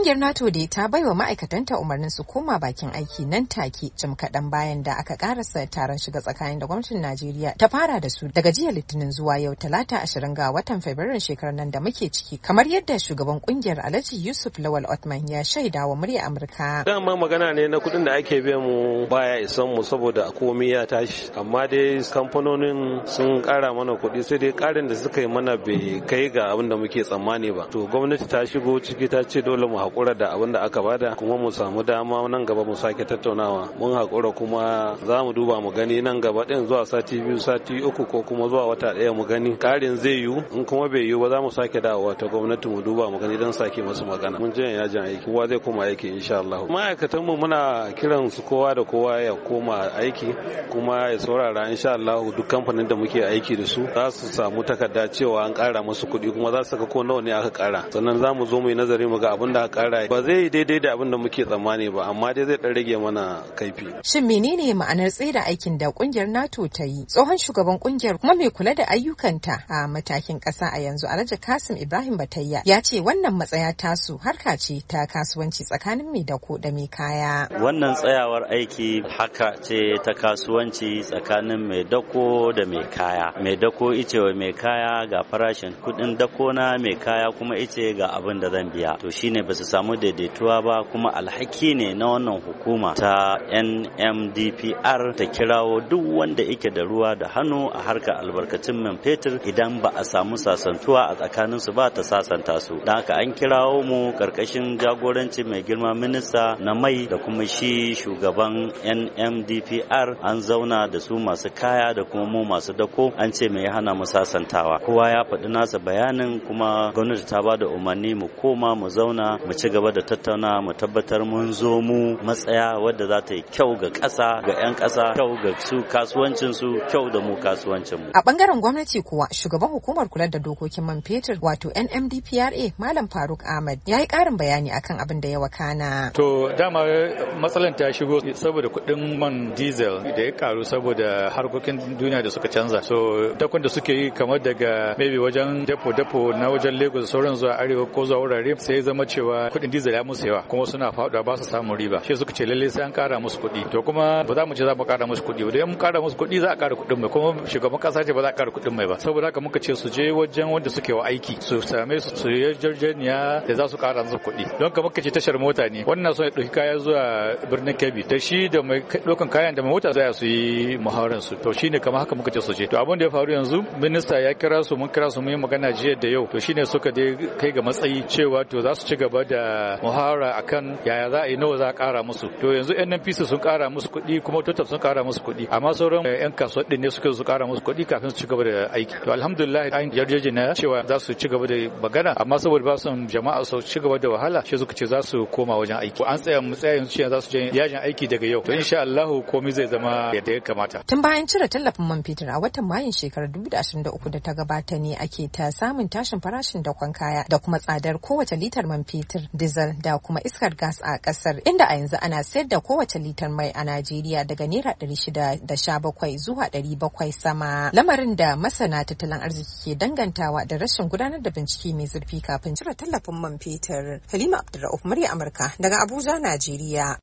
kungiyar NATO dai ta bai wa ma'aikatanta umarnin su koma bakin aiki nan take jim kaɗan bayan da aka ƙarasa taron shiga tsakanin da gwamnatin Najeriya ta fara da su daga jiya Litinin zuwa yau Talata ashirin ga watan Fabrairun shekarar nan da muke ciki kamar yadda shugaban kungiyar Alhaji Yusuf Lawal Othman ya shaida wa murya Amurka. ma magana ne na kuɗin da ake biyan mu baya isan mu saboda komai ya tashi amma dai kamfanonin sun ƙara mana kuɗi sai dai ƙarin da suka yi mana bai kai ga abin da muke tsammani ba. To gwamnati ta shigo ciki ta ce dole mu haƙura da abin da aka bada kuma mu samu dama nan gaba mu sake tattaunawa mun haƙura kuma za mu duba mu gani nan gaba din zuwa sati biyu sati uku ko kuma zuwa wata ɗaya mu gani ƙarin zai yiwu in kuma bai yiwu ba za mu sake dawowa ta gwamnati mu duba mu gani don sake masu magana mun je yajin aiki kowa zai koma aiki insha Allah ma'aikatan mu muna kiran su kowa da kowa ya koma aiki kuma ya saurara insha Allah duk kamfanin da muke aiki da su za su samu takarda cewa an ƙara musu kuɗi kuma za su ga ko nawa ne aka ƙara sannan za mu zo mu yi nazari mu ga abin da aka ba zai daidai da abin da muke tsammani ba amma dai zai dan rage mana kaifi shin menene ma'anar tsaida aikin da kungiyar NATO ta yi tsohon shugaban kungiyar kuma mai kula da ayyukanta a matakin kasa a yanzu Alhaji Kasim Ibrahim Batayya ya ce wannan matsaya tasu harka ce ta kasuwanci tsakanin mai da ko da mai kaya wannan tsayawar aiki haka ce ta kasuwanci tsakanin mai dako da mai kaya mai dako ice wa mai kaya ga farashin kudin dako na mai kaya kuma ice ga abin da zan biya to shine ba basu samu daidaituwa ba kuma alhaki ne na wannan hukuma ta NMDPR ta kirawo duk wanda yake da ruwa da hannu a harkar albarkacin man fetur idan ba a samu sasantuwa a tsakanin su ba ta sasanta su. Da haka an kirawo mu karkashin jagoranci mai girma minista na mai da kuma shi shugaban NMDPR an zauna da su masu kaya da kuma mu masu dako an ce mai hana mu sasantawa. Kowa ya faɗi nasa bayanin kuma gwamnati ta ba da umarni mu koma mu zauna mu ci gaba da tattauna mu tabbatar mun zo mu matsaya wadda za ta yi kyau ga ƙasa ga 'yan ƙasa kyau ga su kasuwancin su kyau da mu kasuwancin mu a bangaren gwamnati kuwa shugaban hukumar kula da dokokin man fetur wato NMDPRA Malam Faruk Ahmad ya yi ƙarin bayani akan abin da ya wakana to dama matsalan ta shigo saboda kuɗin man diesel da ya karu saboda harkokin duniya da suka canza so dakon da suke yi kamar daga maybe wajen depo depo na wajen Lagos sauran zuwa arewa ko zuwa wurare sai zama cewa kuɗin diesel ya musu yawa kuma suna faɗuwa ba su samun riba shi suka ce lalle sai an ƙara musu kuɗi to kuma ba za mu ce za mu ƙara musu kuɗi ba idan mun ƙara musu kuɗi za a ƙara kuɗin mai kuma shugaban kasa ce ba za a ƙara kuɗin mai ba saboda haka muka ce su je wajen wanda suke wa aiki su same su su yarjejeniya da za su ƙara musu kuɗi don ka muka ce tashar mota ne wannan sun ɗauki kaya zuwa birnin Kebbi da shi da mai ɗaukan kayan da mai mota za su yi muhawarar su to shine kamar haka muka ce su je to abin da ya faru yanzu minista ya kira su mun kira su mun yi magana jiya da yau to shine suka dai kai ga matsayi cewa to za su ci gaba da da muhara akan yaya za a yi nawa za a kara musu to yanzu yan sun kara musu kuɗi kuma total sun kara musu kuɗi amma sauran yan eh, kasuwa din ne suka su kara musu kuɗi kafin su ci gaba da aiki to alhamdulillah an yarjeje na cewa za su ci gaba da magana amma saboda ba son jama'a su ci gaba da wahala shi suka ce za su koma wajen aiki an tsaya mu tsaya yanzu za su je yajin aiki daga yau to insha Allah komai zai zama yadda ya kamata tun bayan cire tallafin man fetur a watan mayun shekarar 2023 da ta gabata ne ake ta samun tashin farashin dakon kaya da kuma tsadar kowace litar man fetur Dizal, da kuma iskar gas a kasar inda a yanzu ana sayar da kowace litar mai a Najeriya daga naira 617 zuwa 700 sama lamarin da masana tattalin arziki ke dangantawa da rashin gudanar da bincike mai zurfi kafin cire tallafin man fetur. Halima Abdulrauf murya Amurka daga Abuja, Najeriya.